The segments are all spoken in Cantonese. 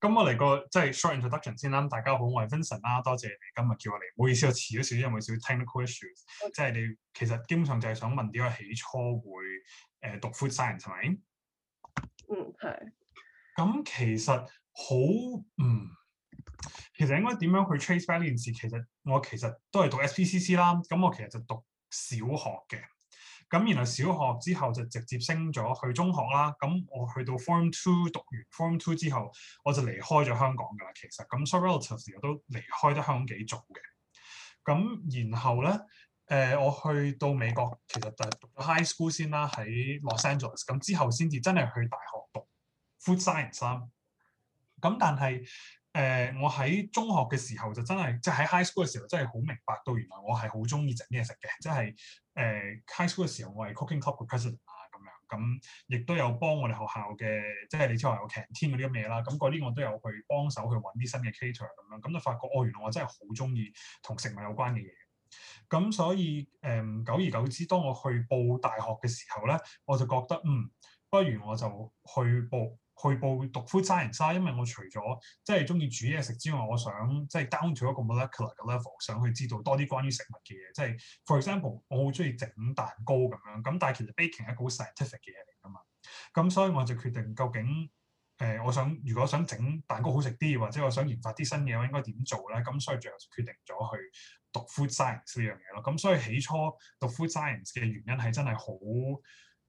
咁我嚟個即係 short introduction 先啦，大家好，我係 Vincent 啦、啊，多謝你今日叫我嚟，唔好意思我遲咗少少，因為少 time 聽啲 question，即係你其實基本上就係想問點解起初會誒、呃、讀 food science 係咪？嗯，係。咁其實好嗯，其實應該點樣去 trace back 呢件事？其實我其實都係讀 S.P.C.C. 啦，咁我其實就讀小學嘅。咁然後小學之後就直接升咗去中學啦。咁我去到 Form Two 讀完 Form Two 之後，我就離開咗香港㗎啦。其實咁，So relatively 我都離開咗香港幾早嘅。咁然後咧，誒、呃，我去到美國，其實就讀咗 High School 先啦，喺 Los Angeles。咁之後先至真係去大學讀 Food Science。咁但係。誒、呃，我喺中學嘅時候就真係，即係喺 high school 嘅時候真係好明白到，原來我係好中意整嘢食嘅，即係誒 high school 嘅時候我係 cooking club 嘅 president 啊咁樣，咁亦都有幫我哋學校嘅，即係你知話有 canteen 嗰啲咁嘢啦，咁嗰啲我都有去幫手去揾啲新嘅 cater 咁樣，咁就發覺哦，原來我真係好中意同食物有關嘅嘢，咁所以誒、呃、久而久之，當我去報大學嘅時候咧，我就覺得嗯，不如我就去報。去報讀 food science，因為我除咗即係中意煮嘢食之外，我想即係 down 到一個 molecular 嘅 level，想去知道多啲關於食物嘅嘢。即係 for example，我好中意整蛋糕咁樣，咁但係其實 baking 係一個好 scientific 嘅嘢嚟㗎嘛。咁所以我就決定究竟誒、呃，我想如果想整蛋糕好食啲，或者我想研發啲新嘢，我應該點做咧？咁所以最後就決定咗去讀 food science 呢樣嘢咯。咁所以起初讀 food science 嘅原因係真係好。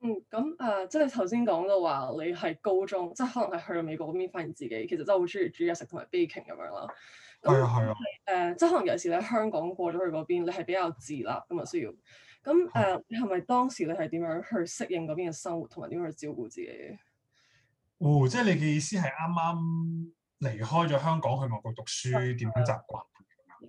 嗯，咁誒、呃，即係你頭先講到話，你係高中，即係可能係去到美國嗰邊發現自己其實真係好鍾意煮嘢食同埋 baking 咁樣啦。係啊，係啊。誒，即係可能有時你喺香港過咗去嗰邊，你係比較自立咁啊，需要。咁誒，呃嗯、你係咪當時你係點樣去適應嗰邊嘅生活，同埋點樣去照顧自己？哦，即係你嘅意思係啱啱離開咗香港去外國讀書，點、嗯、樣習慣？嗯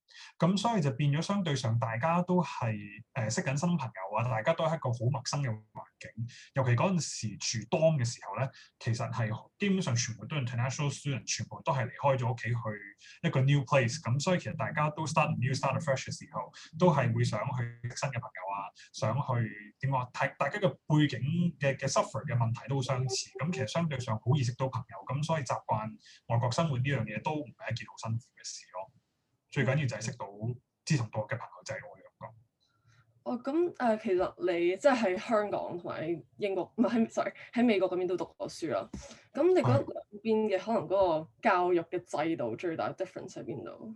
咁所以就變咗，相對上大家都係誒、呃、識緊新朋友啊，大家都係一個好陌生嘅環境。尤其嗰陣時住 dorm 嘅時候咧，其實係基本上全部都係 international student，全部都係離開咗屋企去一個 new place。咁所以其實大家都 start new start fresh 嘅時候，都係會想去識新嘅朋友啊，想去點講？睇大家嘅背景嘅嘅 suffer 嘅、er、問題都相似。咁其實相對上好易識到朋友，咁所以習慣外國生活呢樣嘢都唔係一件好辛苦嘅事。最緊要就係識到志同道合嘅朋友，仔、就是。我咁講。哦，咁誒、呃，其實你即係喺香港同埋英國，唔係喺 sorry 喺美國嗰邊都讀過書啦。咁你覺得兩邊嘅、嗯、可能嗰個教育嘅制度最大嘅 difference 喺邊度？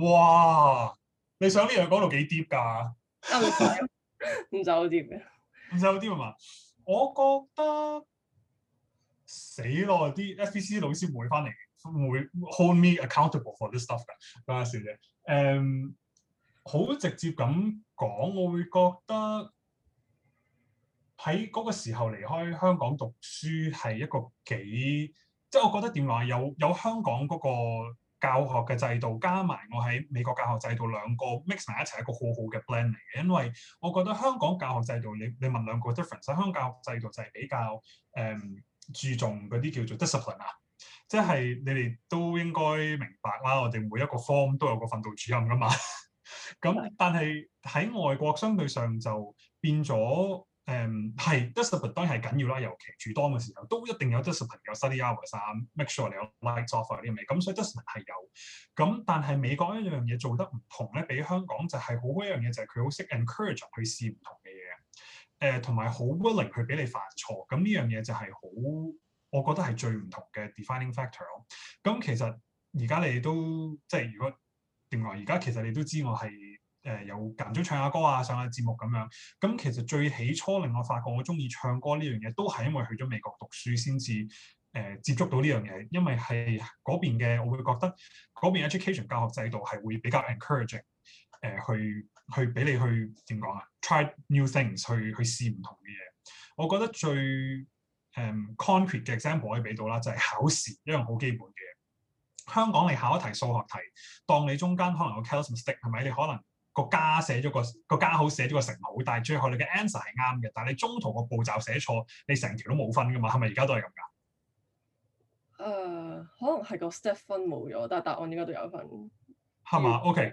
哇！你想呢樣講到幾 deep 㗎？唔唔走 deep 嘅，唔走 deep 嘛？我覺得死咯！啲 SPCC 老師唔會翻嚟會 hold me accountable for this stuff 㗎，嗰陣時嘅，好、um, 直接咁講，我會覺得喺嗰個時候離開香港讀書係一個幾，即、就、係、是、我覺得點話有有香港嗰個教學嘅制度，加埋我喺美國教學制度兩個 mix 埋一齊係一個好好嘅 blend 嚟嘅，因為我覺得香港教學制度你你問兩個 difference，香港教學制度就係比較誒、嗯、注重嗰啲叫做 discipline 啊。即係你哋都應該明白啦。我哋每一個 form 都有個訓導主任㗎嘛。咁、 嗯、但係喺外國相對上就變咗誒係。嗯、discipline 當然係緊要啦，尤其住 dorm 嘅時候都一定有 discipline 有 study hours 啊，make sure 你有 lights off 啲、啊、咪咁、嗯。所以 discipline 係有咁、嗯，但係美國一樣嘢做得唔同咧，比香港就係好一樣嘢就係佢好識 encourage 去試唔同嘅嘢誒，同埋好 willing 去俾你犯錯。咁、嗯、呢樣嘢就係好。我覺得係最唔同嘅 defining factor。咁其實而家你都即係如果點講？而家其實你都知我係誒、呃、有間中唱下歌啊、上下節目咁樣。咁其實最起初令我發覺我中意唱歌呢樣嘢，都係因為去咗美國讀書先至誒接觸到呢樣嘢。因為係嗰邊嘅，我會覺得嗰邊 education 教學制度係會比較 encouraging、呃。誒，去去俾你去點講啊？Try new things，去去試唔同嘅嘢。我覺得最誒、um, concrete 嘅 example 可以俾到啦，就係考試一樣好基本嘅嘢。香港你考一題數學題，當你中間可能個 calc mistake 係咪？你可能個加寫咗個個加號寫咗個乘號，但係最後你嘅 answer 係啱嘅，但係你中途個步驟寫錯，你成條都冇分㗎嘛？係咪而家都係咁㗎？誒，uh, 可能係個 step 分冇咗，但係答案應該都有分。係嘛？OK。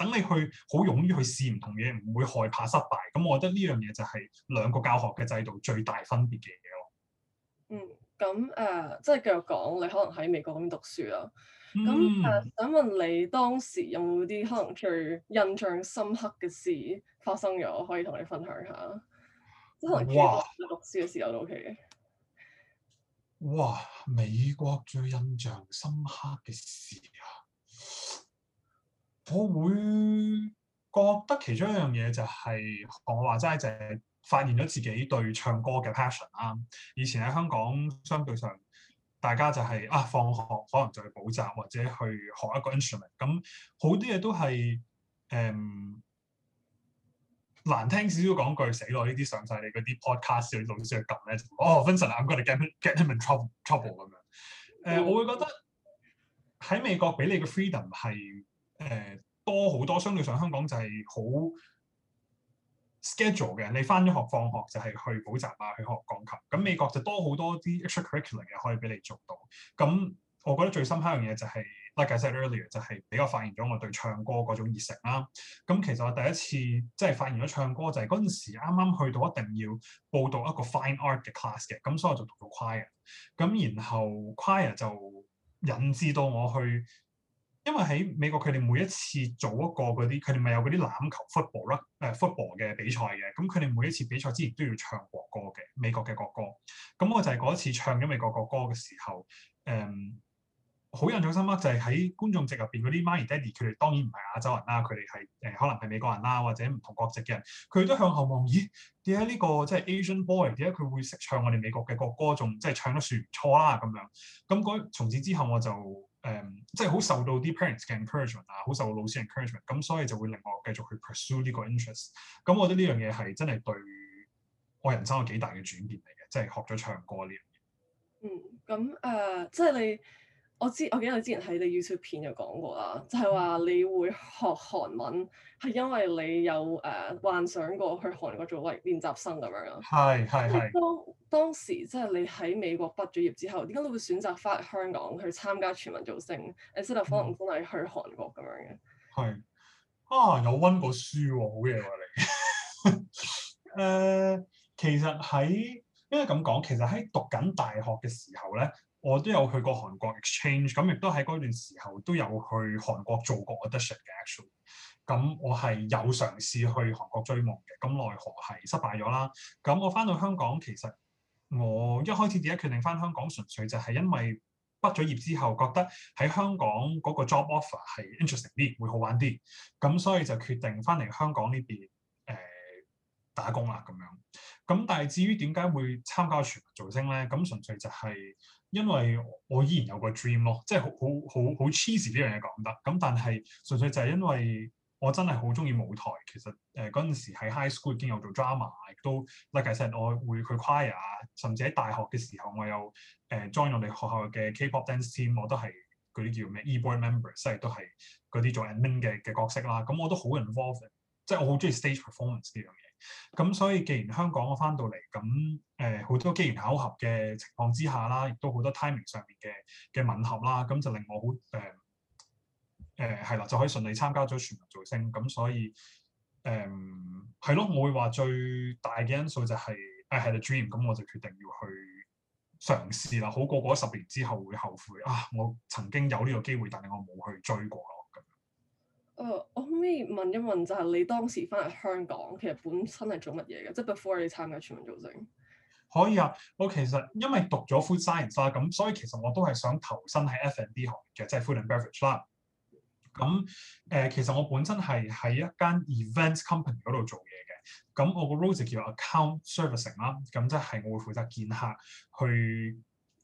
等你去好勇於去試唔同嘢，唔會害怕失敗。咁我覺得呢樣嘢就係兩個教學嘅制度最大分別嘅嘢咯。嗯，咁誒，uh, 即係繼續講，你可能喺美國咁讀書啦。咁誒、嗯，uh, 想問你當時有冇啲可能最印象深刻嘅事發生咗，可以同你分享下？即可能美國讀書嘅時候都 OK 嘅。哇！美國最印象深刻嘅事啊～我會覺得其中一樣嘢就係、是、我話齋就係發現咗自己對唱歌嘅 passion 啦。以前喺香港相上，相對上大家就係、是、啊放學可能就去補習或者去學一個 instrument、嗯。咁好啲嘢都係誒、嗯、難聽少少講句死咯！呢啲上晒你嗰啲 podcast 嗰啲老師去撳咧，哦 Vincent，I'm gonna get him in trouble trouble 咁樣。誒、呃，我會覺得喺美國俾你嘅 freedom 係。誒、呃、多好多，相對上香港就係好 schedule 嘅，你翻咗學放學就係去補習啊，去學鋼琴。咁美國就多好多啲 extracurricular 嘅可以俾你做到。咁我覺得最深刻一樣嘢就係、是、，like I said earlier，就係比較發現咗我對唱歌嗰種熱誠啦、啊。咁其實我第一次即係發現咗唱歌就係嗰陣時啱啱去到一定要報讀一個 fine art 嘅 class 嘅，咁所以我就讀咗 choir 咁然後 choir 就引致到我去。因為喺美國，佢哋每一次做一個嗰啲，佢哋咪有嗰啲籃球、football 啦，誒 football 嘅比賽嘅。咁佢哋每一次比賽之前都要唱國歌嘅，美國嘅國歌。咁我就係嗰一次唱咗美國國歌嘅時候，誒、嗯、好印象深刻就係喺觀眾席入邊嗰啲媽咪、Daddy，佢哋當然唔係亞洲人啦，佢哋係誒可能係美國人啦，或者唔同國籍嘅人，佢都向後望，咦？點解呢個即係 Asian boy？點解佢會識唱我哋美國嘅國歌，仲即係唱得算唔錯啦？咁樣咁嗰，從此之後我就。誒，um，即係好受到啲 parents 嘅 encouragement 啊，好受到老師 encouragement，咁所以就會令我繼續去 pursue 呢個 interest。咁我覺得呢樣嘢係真係對我人生有幾大嘅轉變嚟嘅，即係學咗唱歌呢樣嘢。嗯，咁誒，uh，即係你。我知，我記得你之前喺你 YouTube 片就講過啦，就係話你會學韓文係因為你有誒、uh, 幻想過去韓國做為練習生咁樣咯。係係係。當是當時即係、就是、你喺美國畢咗業之後，點解你會選擇翻香港去參加全民造星？你先頭可能都係去韓國咁樣嘅。係，啊有温過書喎、啊，好嘢喎你。誒、 呃，其實喺應該咁講，其實喺讀緊大學嘅時候咧。我都有去過韓國 exchange，咁亦都喺嗰段時候都有去韓國做過 audition 嘅 actually 咁我係有嘗試去韓國追夢嘅，咁奈何係失敗咗啦。咁我翻到香港，其實我一開始點解決定翻香港，純粹就係因為畢咗業之後覺得喺香港嗰個 job offer 係 interesting 啲，會好玩啲。咁所以就決定翻嚟香港呢邊誒、呃、打工啦咁樣。咁但係至於點解會參加全民造星咧？咁純粹就係、是、～因為我依然有個 dream 咯，即係好好好好 cheesy 呢樣嘢講得咁，但係純粹就係因為我真係好中意舞台。其實誒嗰陣時喺 high school 已經有做 drama，亦都 like I said，我會佢 choir 啊，甚至喺大學嘅時候我有誒、呃、join 我哋學校嘅 K-pop dance team，我都係嗰啲叫咩 E-board member 即係都係嗰啲做 admin 嘅嘅角色啦。咁、嗯、我都好 involved，即係我好中意 stage performance 啲嘢。咁所以，既然香港我翻到嚟，咁誒好多機緣巧合嘅情況之下啦，亦都好多 timing 上面嘅嘅吻合啦，咁就令我好誒誒係啦，就可以順利參加咗全民造星。咁所以誒係咯，我會話最大嘅因素就係誒係個 dream，咁我就決定要去嘗試啦，好過過十年之後會後悔啊！我曾經有呢個機會，但係我冇去追過。誒，uh, 我可唔可以問一問，就係、是、你當時翻嚟香港，其實本身係做乜嘢嘅？即、就、係、是、before 你參加全民造星。可以啊，我其實因為讀咗 food science 啦、啊，咁所以其實我都係想投身喺 F and B 行業，即、就、係、是、food and beverage 啦。咁誒、呃，其實我本身係喺一間 events company 嗰度做嘢嘅。咁我個 role 叫 account servicing 啦、啊，咁即係我會負責見客去。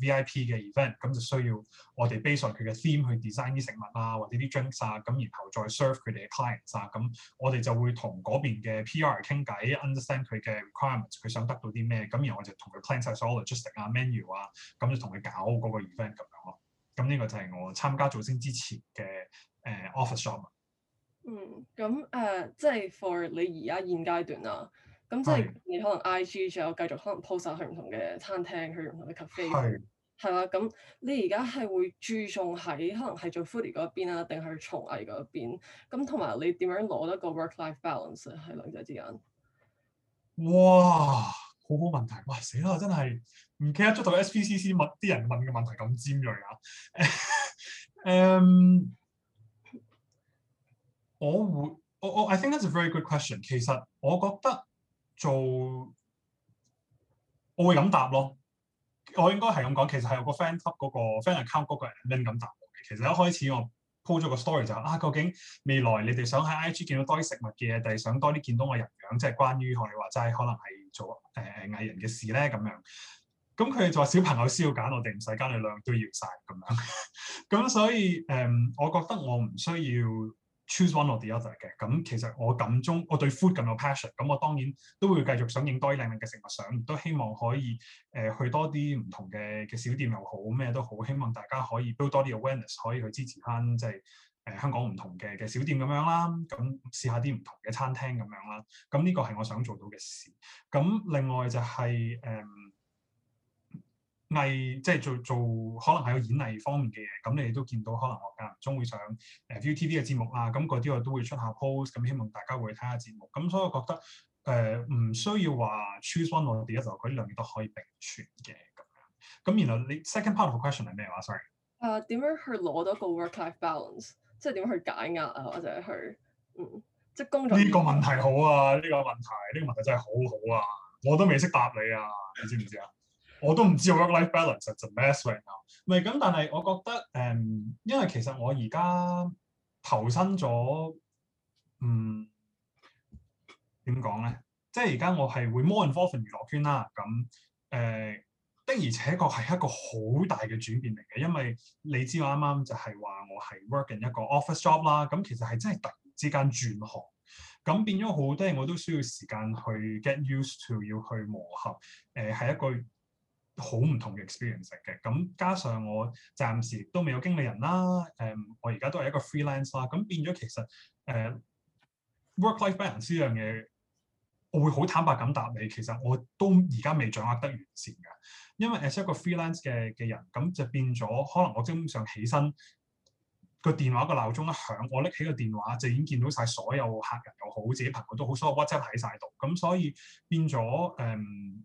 VIP 嘅 event 咁就需要我哋 base 上佢嘅 theme 去 design 啲食物啊，或者啲 drinks 咁，然後再 serve 佢哋嘅 clients 啊，咁我哋就會同嗰邊嘅 PR 傾偈，understand 佢嘅 requirements，佢想得到啲咩，咁然後我就同佢 plan 曬所有 logistic 啊 menu 啊，咁就同佢搞嗰個 event 咁樣咯。咁呢個就係我參加造星之前嘅誒 office job。嗯，咁誒即係 for 你而家現階段啦，咁即係你可能 IG 仲有繼續可能 post 下去唔同嘅餐廳，去唔同嘅 cafe。係啦，咁你而家係會注重喺可能係做 foodie 嗰邊啊，定係從藝嗰邊？咁同埋你點樣攞得個 work-life balance 喺兩者之間？哇，好好問題，哇死啦，真係唔記得出到 S.P.C.C 問啲人問嘅問題咁尖銳啊。誒，我會，我我 I think that's a very good question。其實我覺得做我會咁答咯。我應該係咁講，其實係有個 friend 貼嗰個，個 friend account 嗰個人咁答我嘅。其實一開始我鋪咗個 story 就係、是、啊，究竟未來你哋想喺 IG 見到多啲食物嘅嘢，定係想多啲見到我人樣？即係關於我哋話齋，可能係做誒、呃、藝人嘅事咧咁樣。咁、嗯、佢就話小朋友需要揀，我哋唔使加你量都要晒。」咁樣。咁、 嗯、所以誒、嗯，我覺得我唔需要。Choose one or the other 嘅，咁、嗯、其實我感中我對 food 咁有 passion，咁、嗯、我當然都會繼續想影多啲靚靚嘅食物相，都希望可以誒、呃、去多啲唔同嘅嘅小店又好咩都好，希望大家可以 build 多啲 awareness，可以去支持翻即係誒香港唔同嘅嘅小店咁樣啦，咁試下啲唔同嘅餐廳咁樣啦，咁、嗯、呢、這個係我想做到嘅事，咁、嗯、另外就係、是、誒。嗯藝即係做做，做可能係個演藝方面嘅嘢。咁你都見到，可能我間中會上誒 ViuTV 嘅節目啊。咁嗰啲我都會出下 post。咁希望大家會睇下節目。咁所以我覺得誒唔、呃、需要話 choose one 我哋啲啊，就佢呢兩樣都可以並存嘅咁樣。咁然後你 second part of question 係咩話？sorry，啊點樣去攞到個 work-life balance，即係點樣去解壓啊，或者去、嗯、即係工作呢個問題好啊，呢、這個問題呢、這個問題真係好好啊，我都未識答你啊，你知唔知啊？我都唔知道我個 life balance 係做咩事㗎，唔係咁，但係我覺得誒、嗯，因為其實我而家投身咗，嗯，點講咧？即係而家我係會 more involved 娛樂圈啦。咁誒、呃、的而且確係一個好大嘅轉變嚟嘅，因為你知道我啱啱就係話我係 working 一個 office job 啦。咁其實係真係突然之間轉行，咁變咗好多嘢，我都需要時間去 get used to，要去磨合。誒、呃，係一個好唔同嘅 experience 嘅，咁加上我暫時都未有經理人啦，誒、嗯，我而家都係一個 freelance 啦，咁變咗其實誒、呃、work-life balance 呢樣嘢，我會好坦白咁答你，其實我都而家未掌握得完善㗎，因為作為一個 freelance 嘅嘅人，咁就變咗可能我正常起身，個電話個鬧鐘一響，我拎起個電話就已經見到晒所有客人又好，自己朋友都好，所有 WhatsApp 喺晒度，咁所以變咗誒。嗯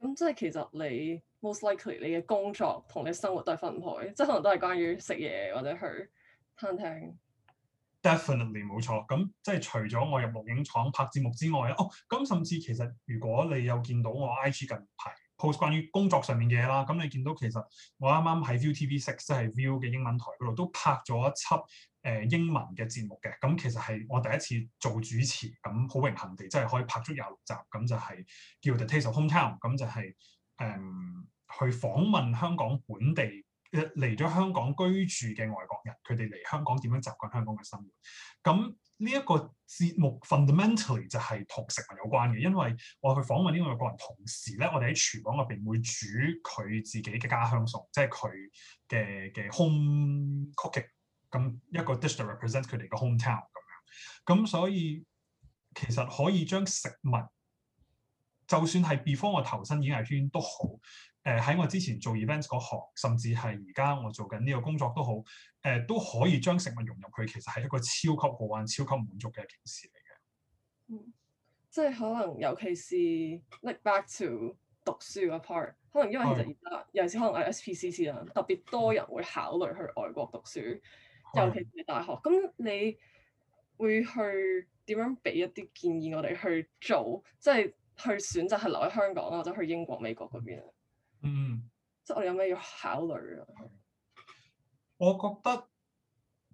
咁即係其實你 most likely 你嘅工作同你生活都係分唔開，即係可能都係關於食嘢或者去餐廳。Definitely 冇錯，咁即係除咗我入錄影廠拍節目之外哦，咁甚至其實如果你有見到我 IG 近排 post 關於工作上面嘅嘢啦，咁你見到其實我啱啱喺 ViuTV Six 即係 Viu 嘅英文台嗰度都拍咗一輯。誒，英文嘅節目嘅，咁其實係我第一次做主持，咁好榮幸地，真係可以拍足廿六集，咁就係叫《The Taste of Home Town》，就是，嗯，咁就係誒去訪問香港本地嚟咗香港居住嘅外國人，佢哋嚟香港點樣習慣香港嘅生活。咁呢一個節目 fundamentally 就係同食物有關嘅，因為我去訪問呢個外國人，同時咧我哋喺廚房入邊會煮佢自己嘅家鄉餸，即係佢嘅嘅 home cooking。咁一個 district represent 佢哋嘅 hometown 咁樣，咁所以其實可以將食物，就算係 before 我投身演藝圈都好，誒、呃、喺我之前做 event 嗰行，甚至係而家我做緊呢個工作都好，誒、呃、都可以將食物融入去，其實係一個超級好玩、超級滿足嘅一件事嚟嘅、嗯。即係可能尤其是 look back to 讀書嘅 part，可能因為其實而家有時可能 SPCC 啦，特別多人會考慮去外國讀書。尤其是大學，咁你會去點樣俾一啲建議我哋去做？即係去選擇係留喺香港，或者去英國、美國嗰邊啊？嗯，即係我哋有咩要考慮啊？我覺得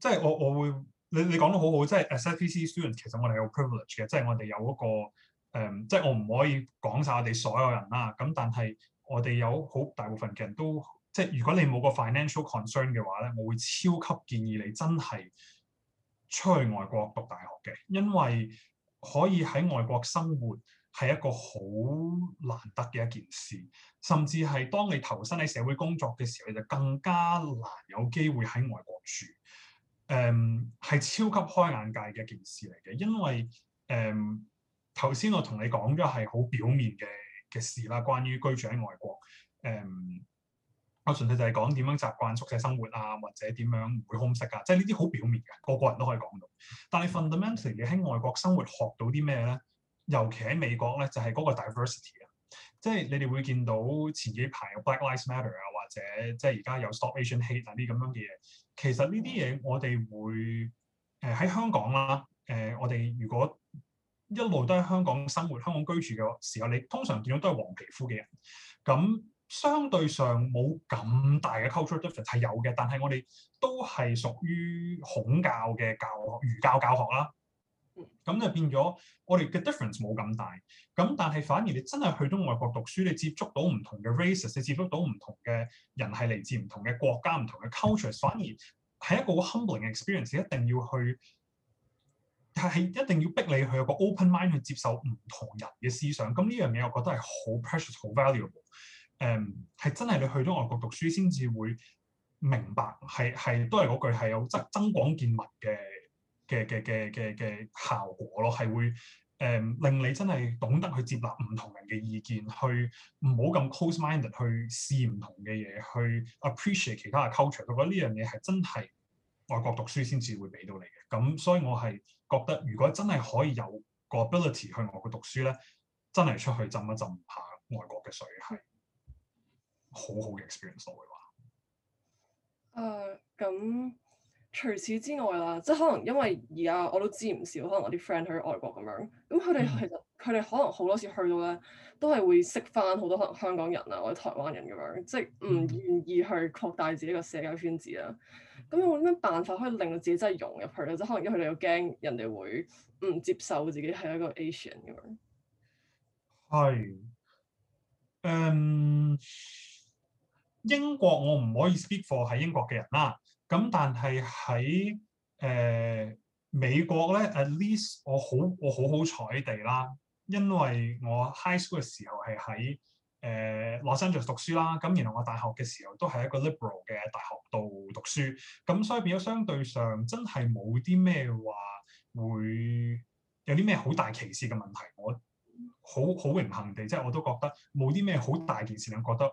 即係我我會你你講得好好，即係 SPCC student 其實我哋有 privilege 嘅，即係我哋有嗰個誒，即係我唔可以講晒我哋所有人啦。咁但係我哋有好大部分嘅人都。即係如果你冇個 financial concern 嘅話咧，我會超級建議你真係出去外國讀大學嘅，因為可以喺外國生活係一個好難得嘅一件事，甚至係當你投身喺社會工作嘅時候，你就更加難有機會喺外國住。誒、嗯，係超級開眼界嘅一件事嚟嘅，因為誒頭先我同你講咗係好表面嘅嘅事啦，關於居住喺外國誒。嗯我純粹就係講點樣習慣宿舍生活啊，或者點樣唔會空適啊，即係呢啲好表面嘅，個個人都可以講到。但係 fundamentally 你喺外國生活學到啲咩咧？尤其喺美國咧，就係、是、嗰個 diversity 啊，即係你哋會見到前幾排有 Black Lives Matter 啊，或者即係而家有 Stop Asian Hate 嗰啲咁樣嘅嘢。其實呢啲嘢我哋會誒喺、呃、香港啦，誒、呃、我哋如果一路都喺香港生活、香港居住嘅時候，你通常見到都係黃皮膚嘅人咁。相對上冇咁大嘅 cultural difference 係有嘅，但係我哋都係屬於孔教嘅教學、儒教教學啦。咁就變咗我哋嘅 difference 冇咁大。咁但係反而你真係去到外國讀書，你接觸到唔同嘅 races，你接觸到唔同嘅人係嚟自唔同嘅國家、唔同嘅 culture，反而係一個好 humbling 嘅 experience。一定要去係係一定要逼你去有一個 open mind 去接受唔同人嘅思想。咁呢樣嘢我覺得係好 precious、好 valuable。誒，係、um, 真係你去咗外國讀書先至會明白，係係都係嗰句係有增增廣見聞嘅嘅嘅嘅嘅嘅效果咯，係會誒、嗯、令你真係懂得去接納唔同人嘅意見，去唔好咁 close minded 去試唔同嘅嘢，去 appreciate 其他嘅 culture。我覺得呢樣嘢係真係外國讀書先至會俾到你嘅。咁所以我係覺得，如果真係可以有個 ability 去外國讀書咧，真係出去浸一浸一下外國嘅水係。好好嘅 experience 嘅話，誒咁、uh, 除此之外啦，即係可能因為而家我都知唔少，可能我啲 friend 去外國咁樣，咁佢哋其實佢哋、mm hmm. 可能好多時去到咧，都係會識返好多可能香港人啊或者台灣人咁樣，即係唔願意去擴大自己嘅社交圈子啦。咁、mm hmm. 有冇咩辦法可以令到自己真係融入去咧？即可能因為佢哋又驚人哋會唔接受自己係一個 Asian 咁樣。係、um。英國我唔可以 speak for 喺英國嘅人啦，咁但係喺誒美國咧，at least 我好我好好彩地啦，因為我 high school 嘅時候係喺誒 Los Angeles 讀書啦，咁然後我大學嘅時候都係一個 liberal 嘅大學度讀書，咁所以變咗相對上真係冇啲咩話會有啲咩好大歧視嘅問題，我好好榮幸地，即係我都覺得冇啲咩好大件事令我覺得。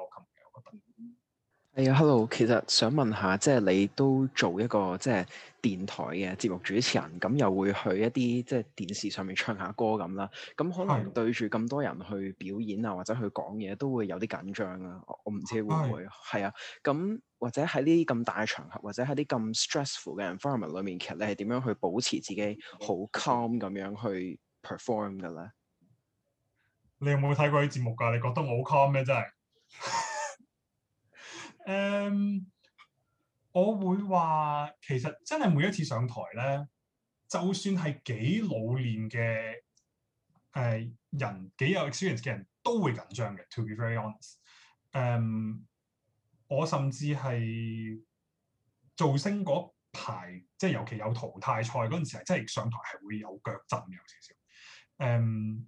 係啊，hey,，Hello，其實想問下，即係你都做一個即係電台嘅節目主持人，咁又會去一啲即係電視上面唱下歌咁啦。咁可能對住咁多人去表演啊，或者去講嘢，都會有啲緊張啊。我唔知會唔會係啊。咁 Hey. 或者喺呢啲咁大嘅場合，或者喺啲咁 stressful 嘅 environment 裏面，其實你係點樣去保持自己好 calm 咁樣去 perform 噶咧？你有冇睇過啲節目噶？你覺得我好 calm 咩？真係。 誒，um, 我會話其實真係每一次上台咧，就算係幾老練嘅誒人，幾有 experience 嘅人都會緊張嘅。To be very honest，誒、um,，我甚至係造星嗰排，即係尤其有淘汰賽嗰陣時，係真係上台係會有腳震嘅，有少少。誒、um,，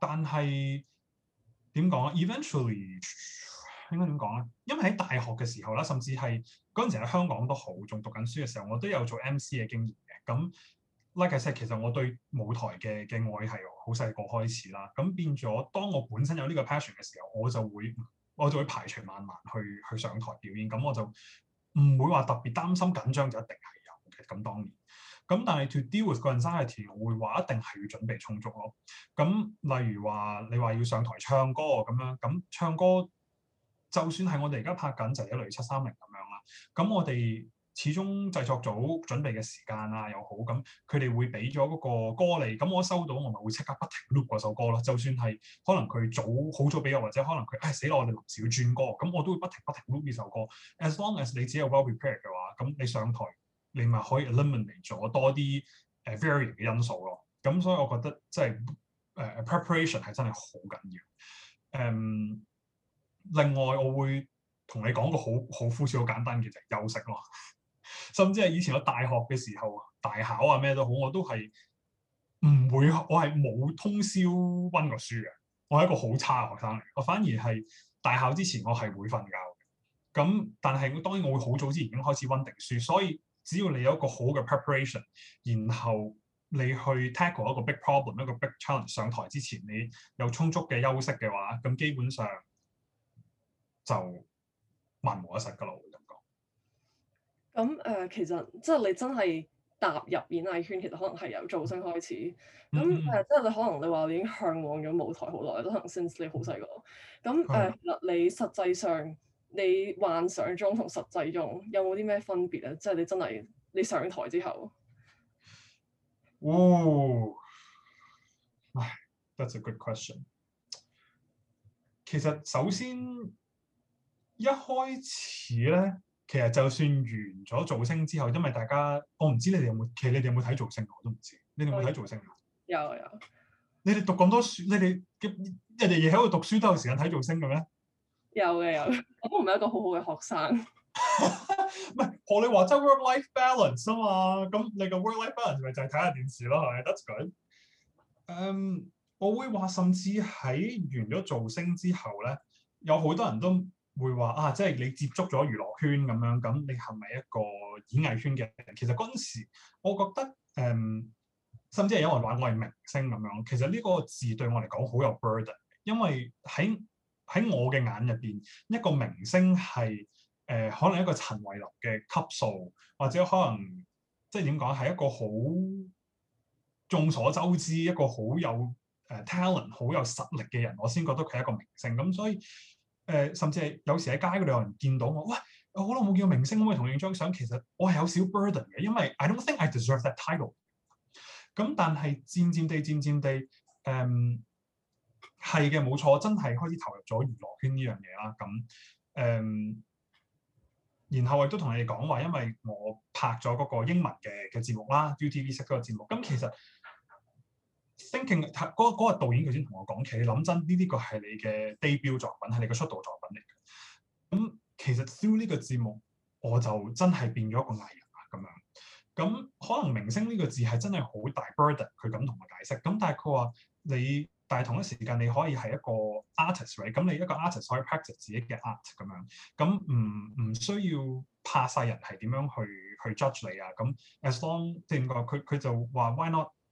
但係點講啊？Eventually。應該點講咧？因為喺大學嘅時候啦，甚至係嗰陣時喺香港都好，仲讀緊書嘅時候，我都有做 MC 嘅經驗嘅。咁 like I say，其實我對舞台嘅嘅愛係好細個開始啦。咁變咗，當我本身有呢個 passion 嘅時候，我就會我就會排除萬難去去上台表演。咁我就唔會話特別擔心緊張，就一定係有嘅。咁當年咁，但係 to deal with the anxiety，我會話一定係要準備充足咯。咁例如話你話要上台唱歌咁樣，咁唱歌。就算係我哋而家拍緊就係一類七三零咁樣啦，咁我哋始終製作組準備嘅時間啊又好咁，佢哋會俾咗嗰個歌你，咁我收到我咪會即刻不停 loop 嗰首歌咯。就算係可能佢早好早俾我，或者可能佢唉、哎、死咯，我哋臨時要轉歌，咁我都會不停不停 loop 呢首歌。As long as 你只有 well prepared 嘅話，咁你上台你咪可以 eliminate 咗多啲誒 varying 嘅因素咯。咁所以我覺得即係誒 preparation 係真係好緊要，誒、um,。另外，我會同你講個好好膚淺、好簡單嘅就係休息咯。 甚至係以前我大學嘅時候，大考啊咩都好，我都係唔會，我係冇通宵温過書嘅。我係一個好差嘅學生嚟，我反而係大考之前我係會瞓覺嘅。咁但係當然我會好早之前已經開始温定書，所以只要你有一個好嘅 preparation，然後你去 tackle 一個 big problem、一個 big challenge 上台之前，你有充足嘅休息嘅話，咁基本上。就萬無一失噶啦，我感覺。咁誒、呃，其實即係你真係踏入演藝圈，其實可能係由造星開始。咁誒、嗯，即係你可能你話已經嚮往咗舞台好耐，都可能 since 你好細個。咁誒、嗯，呃嗯、你實際上你幻想中同實際中有冇啲咩分別啊？即係你真係你上台之後。Oh,、哦、that's a good question. 其實首先。一開始咧，其實就算完咗造星之後，因為大家，我唔知你哋有冇，其實你哋有冇睇造星，我都唔知。你哋有冇睇造星啊？有有。你哋讀咁多書，你哋人哋喺度讀書都有時間睇造星嘅咩？有嘅有。我都唔係一個好好嘅學生。唔係， 我你話 齋 work-life balance 啊嘛，咁你個 work-life balance 咪就係睇下電視咯，係。That's good。嗯，我會話，甚至喺完咗造星之後咧，有好多人都。會話啊！即係你接觸咗娛樂圈咁樣，咁你係咪一個演藝圈嘅人？其實嗰陣時，我覺得誒、嗯，甚至係有人話我係明星咁樣。其實呢個字對我嚟講好有 burden，因為喺喺我嘅眼入邊，一個明星係誒、呃，可能一個陳慧琳嘅級數，或者可能即係點講，係一個好眾所周知、一個好有誒 talent、好有實力嘅人，我先覺得佢係一個明星。咁所以。誒、呃，甚至係有時喺街嗰度有人見到我，哇！我好耐冇見到明星，我咪同你影張相。其實我係有少少 burden 嘅，因為 I don't think I deserve that title。咁但係漸漸地、漸漸地，誒、嗯，係嘅，冇錯，真係開始投入咗娛樂圈呢樣嘢啦。咁，誒、嗯，然後我亦都同你哋講話，因為我拍咗嗰個英文嘅嘅節目啦，ViuTV 式嗰個節目。咁、嗯、其實，thinking 嗰、那、嗰、個那個導演佢先同我講，其實你諗真呢啲，個係你嘅 debut 作品，係你嘅出道作品嚟嘅。咁、嗯、其實 through 呢個節目，我就真係變咗一個藝人啊咁樣。咁、嗯、可能明星呢個字係真係好大 burden，佢咁同我解釋。咁、嗯、但係佢話你，但係同一時間你可以係一個 artist 嚟、right? 嗯，咁你一個 artist 可以 practice 自己嘅 art 咁樣。咁唔唔需要怕晒人係點樣去去 judge 你啊。咁、嗯、as long 即係點講，佢佢就話 why not？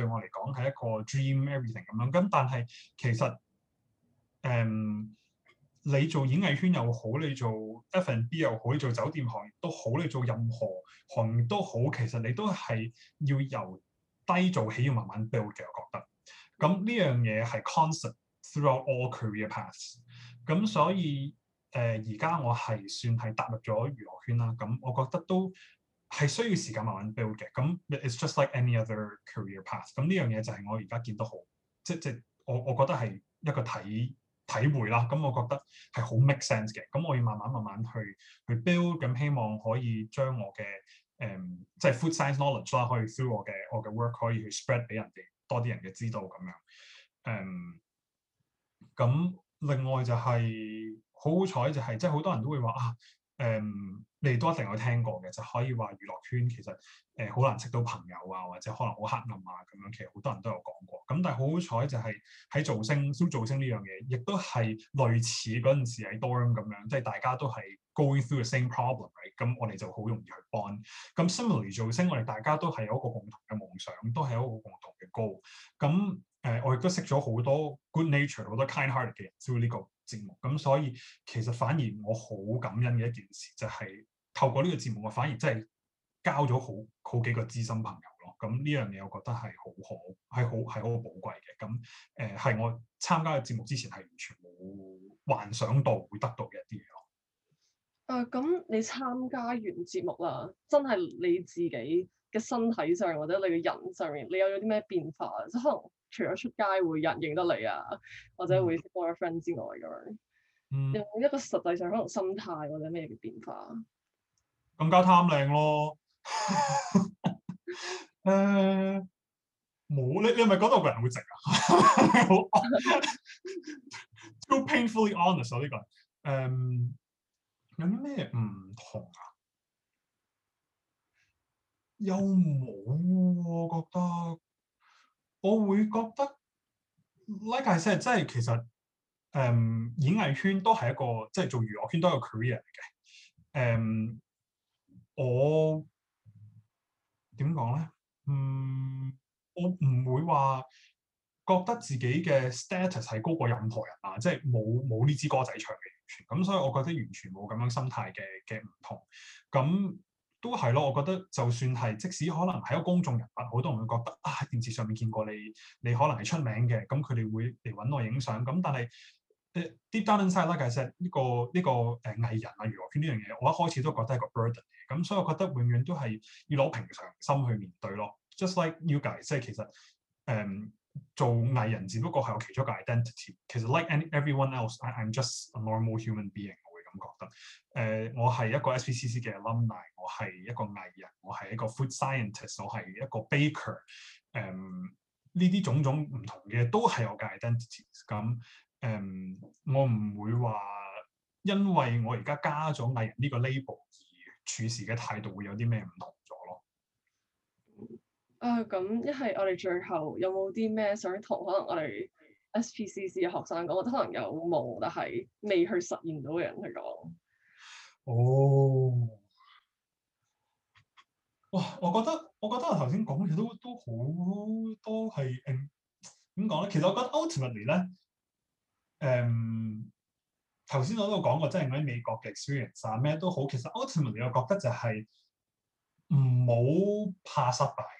對我嚟講係一個 dream everything 咁樣，咁但係其實誒、嗯，你做演藝圈又好，你做 F&B 又好，你做酒店行業都好，你做任何行業都好，其實你都係要由低做起，要慢慢 build 嘅。我覺得，咁呢樣嘢係 constant throughout all career paths。咁所以誒，呃、而家我係算係踏入咗娛樂圈啦。咁我覺得都，係需要時間慢慢 build 嘅，咁 it's just like any other career path。咁呢樣嘢就係我而家見得好，即、就、即、是就是、我我覺得係一個體體會啦。咁我覺得係好 make sense 嘅。咁我要慢慢慢慢去去 build，咁希望可以將我嘅誒即 food science knowledge 啦，可以 through 我嘅我嘅 work 可以去 spread 俾人哋多啲人嘅知道咁樣。誒、嗯，咁另外就係好彩就係、是，即、就、好、是、多人都會話啊。誒，um, 你哋都一定有聽過嘅，就可以話娛樂圈其實誒好、呃、難識到朋友啊，或者可能好黑暗啊咁樣，其實好多人都有講過。咁但係好彩就係喺造星，做造星呢樣嘢，亦都係類似嗰陣時喺 Dorm 咁樣，即係大家都係 going through the same problem, right？咁我哋就好容易去幫。咁 similarly 造星，我哋大家都係有一個共同嘅夢想，都係有一個共同嘅 goal。咁誒、呃，我亦都識咗好多 good nature 好多 kind heart 嘅人，知道呢個節目。咁所以其實反而我好感恩嘅一件事，就是，就係透過呢個節目，我反而真係交咗好好幾個知心朋友咯。咁呢樣嘢我覺得係好好，係好係好寶貴嘅。咁誒，係、呃、我參加嘅節目之前係完全冇幻想到會得到嘅一啲嘢咯。誒、呃，咁你參加完節目啦，真係你自己嘅身體上或者你嘅人上面，你有咗啲咩變化？即可能。除咗出街會人認得你啊，或者會識多啲 friend 之外，咁樣、嗯、有冇一個實際上可能心態或者咩嘅變化？更加貪靚咯。誒、 呃，冇，你你係咪覺得個人會直啊 Too painfully honest 呢個誒有啲咩唔同啊？又、嗯、冇、啊，我覺得。我會覺得 Like I said，即係其實誒、嗯、演藝圈都係一個即係做娛樂圈都係一個 career 嚟嘅。誒，我點講咧？嗯，我唔、嗯、會話覺得自己嘅 status 係高過任何人啊！即係冇冇呢支歌仔唱嘅，完全。咁所以我覺得完全冇咁樣心態嘅嘅唔同。咁。都係咯，我覺得就算係，即使可能係一個公眾人物，好多人會覺得啊，電視上面見過你，你可能係出名嘅，咁佢哋會嚟搵我影相。咁但係誒，deep down inside 咧，其實、呢個呢、呢個誒藝人啊，娛樂圈呢樣嘢，我一開始都覺得係個 burden。咁所以我覺得永遠都係要攞平常心去面對咯。Just like you guys，即係其實誒、嗯、做藝人，只不過係我其中一個 identity。其實 like any everyone else，I'm just a normal human being。咁覺得，誒、嗯，我係一個 SPCC 嘅 alumni，我係一個藝人，我係一個 food scientist，我係一個 baker，誒、嗯，呢啲種種唔同嘅都係我嘅 identity、嗯。咁，誒，我唔會話因為我而家加咗藝人呢個 label 而處事嘅態度會有啲咩唔同咗咯。啊、呃，咁一係我哋最後有冇啲咩想同，可能我哋 S.P.C.C. 嘅學生講，我覺得可能有冇，但係未去實現到嘅人去講，哦，哇！我覺得我覺得我頭先講嘅都都好多係點講咧？其實我覺得 ultimately 咧、嗯，誒頭先我都講過，即係嗰啲美國嘅 experience 咩都好，其實 ultimately 我覺得就係唔好怕失敗。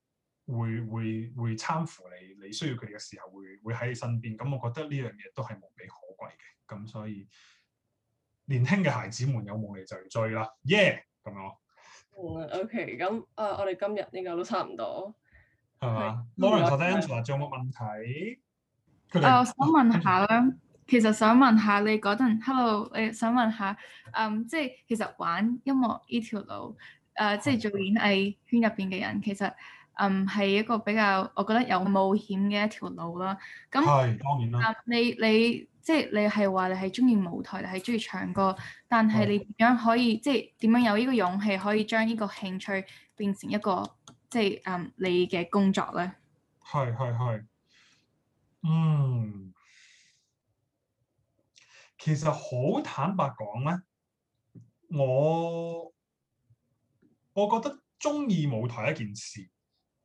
會會會攙扶你，你需要佢嘅時候，會會喺你身邊。咁，我覺得呢樣嘢都係無比可貴嘅。咁所以年輕嘅孩子們有夢你就嚟追啦。耶咁樣。O K，咁啊，我哋今日呢個都差唔多係嘛。Lawrence 首先，仲有冇問題？啊，們我想問下啦。嗯、其實想問下你嗰陣 Hello，誒，想問下，嗯，即係其實玩音樂呢條路，誒、啊，即係做演藝圈入邊嘅人，其實。嗯，係一個比較，我覺得有冒險嘅一條路啦。咁，係當然啦、嗯。你你即係你係話你係中意舞台，你係中意唱歌，但係你點樣可以、嗯、即係點樣有呢個勇氣，可以將呢個興趣變成一個即係嗯你嘅工作咧？係係係。嗯，其實好坦白講咧，我我覺得中意舞台一件事。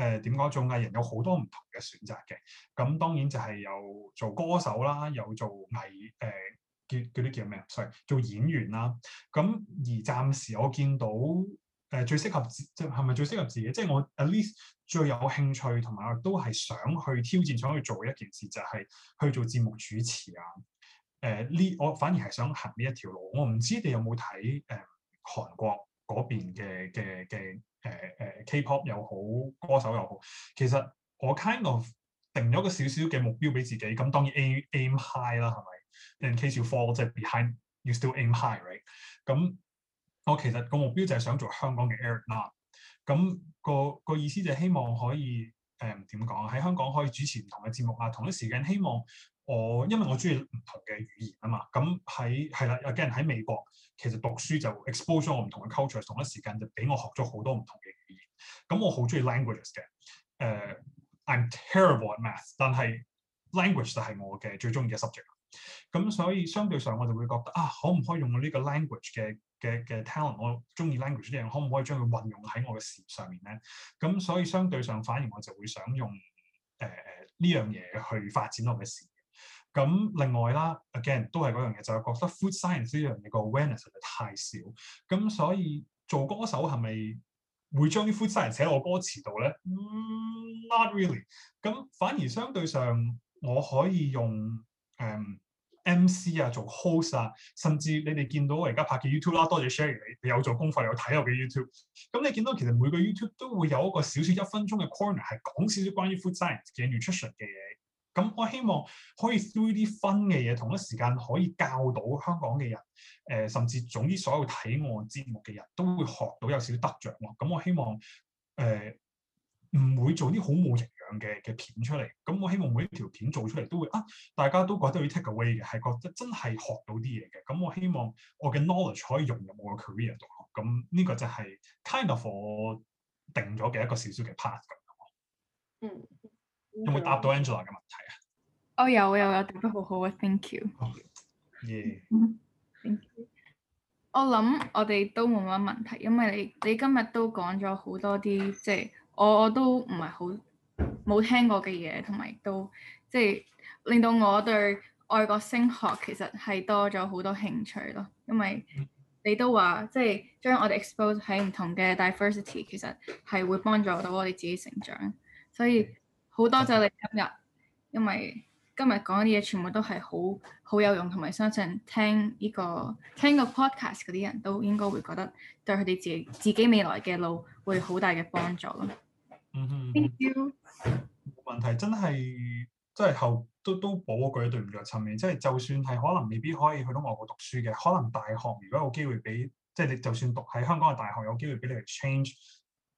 誒點講做藝人有好多唔同嘅選擇嘅，咁當然就係有做歌手啦，有做藝誒、呃、叫啲叫咩啊？所以做演員啦。咁、嗯、而暫時我見到誒、呃、最適合自即係咪最適合自己？即、就、係、是、我 at least 最有興趣同埋都係想去挑戰、想去做一件事，就係、是、去做節目主持啊。誒、呃、呢，我反而係想行呢一條路。我唔知你有冇睇誒韓國？嗰邊嘅嘅嘅誒誒 K-pop 又好，歌手又好，其實我 kind of 定咗個少少嘅目標俾自己，咁當然 aim high 啦，係咪？In case you fall 即係 behind，you still aim high，right？咁、嗯、我其實個目標就係想做香港嘅 Eric Nam，咁個個意思就係希望可以誒點講喺香港可以主持唔同嘅節目啊，同一時間希望。我因為我中意唔同嘅語言啊嘛，咁喺係啦，有啲人喺美國其實讀書就 exposure 我唔同嘅 culture，同一時間就俾我學咗好多唔同嘅語言。咁我好中意 languages 嘅，誒、uh, I'm terrible at math，但係 language 就係我嘅最中意嘅 subject。咁所以相對上我就會覺得啊，可唔可以用我呢個 language 嘅嘅嘅 talent，我中意 language 呢樣，可唔可以將佢運用喺我嘅事業上面咧？咁所以相對上反而我就會想用誒誒呢樣嘢去發展我嘅事咁另外啦，again 都係樣嘢，就係、是、覺得 food science 呢樣嘢個 awareness 實在太少。咁所以做歌手係咪會將啲 food science 寫我歌詞度咧？Not really。咁反而相對上我可以用誒、嗯、MC 啊，做 host 啊，甚至你哋見到我而家拍嘅 YouTube 啦、啊，多謝 Sherie 你，你有做功課，有睇我嘅 YouTube。咁你見到其實每個 YouTube 都會有一個少少一分鐘嘅 corner 係講少少關於 food science 嘅 nutrition 嘅嘢。咁我希望可以 through 啲分嘅嘢，同一時間可以教到香港嘅人，誒，甚至總之所有睇我節目嘅人都會學到有少少得著。咁我希望誒，唔會做啲好冇營養嘅嘅片出嚟。咁我希望每一條片做出嚟都會啊，大家都覺得要 take away 嘅，係覺得真係學到啲嘢嘅。咁我希望我嘅 knowledge 可以融入我嘅 career 度。咁呢個就係 kind of 定咗嘅一個少少嘅 part。嗯。有冇答到 Angela 嘅問題啊？我、oh, 有，有，有答得好好啊！Thank you。Oh, yeah。我諗我哋都冇乜問題，因為你你今日都講咗好多啲，即係我我都唔係好冇聽過嘅嘢，同埋都即係令到我對外國升學其實係多咗好多興趣咯。因為你都話即係將我哋 expose 喺唔同嘅 diversity，其實係會幫助到我哋自己成長，所以。Yeah. 好多謝你今日，因為今日講啲嘢全部都係好好有用，同埋相信聽呢個聽個 podcast 嗰啲人都應該會覺得對佢哋自己自己未來嘅路會好大嘅幫助咯。嗯哼，thank you。冇問題，真係真係後都都補嗰句對唔住層面，即係就算係可能未必可以去到外國讀書嘅，可能大學如果有機會俾，即係你就算讀喺香港嘅大學有機會俾你去 exchange。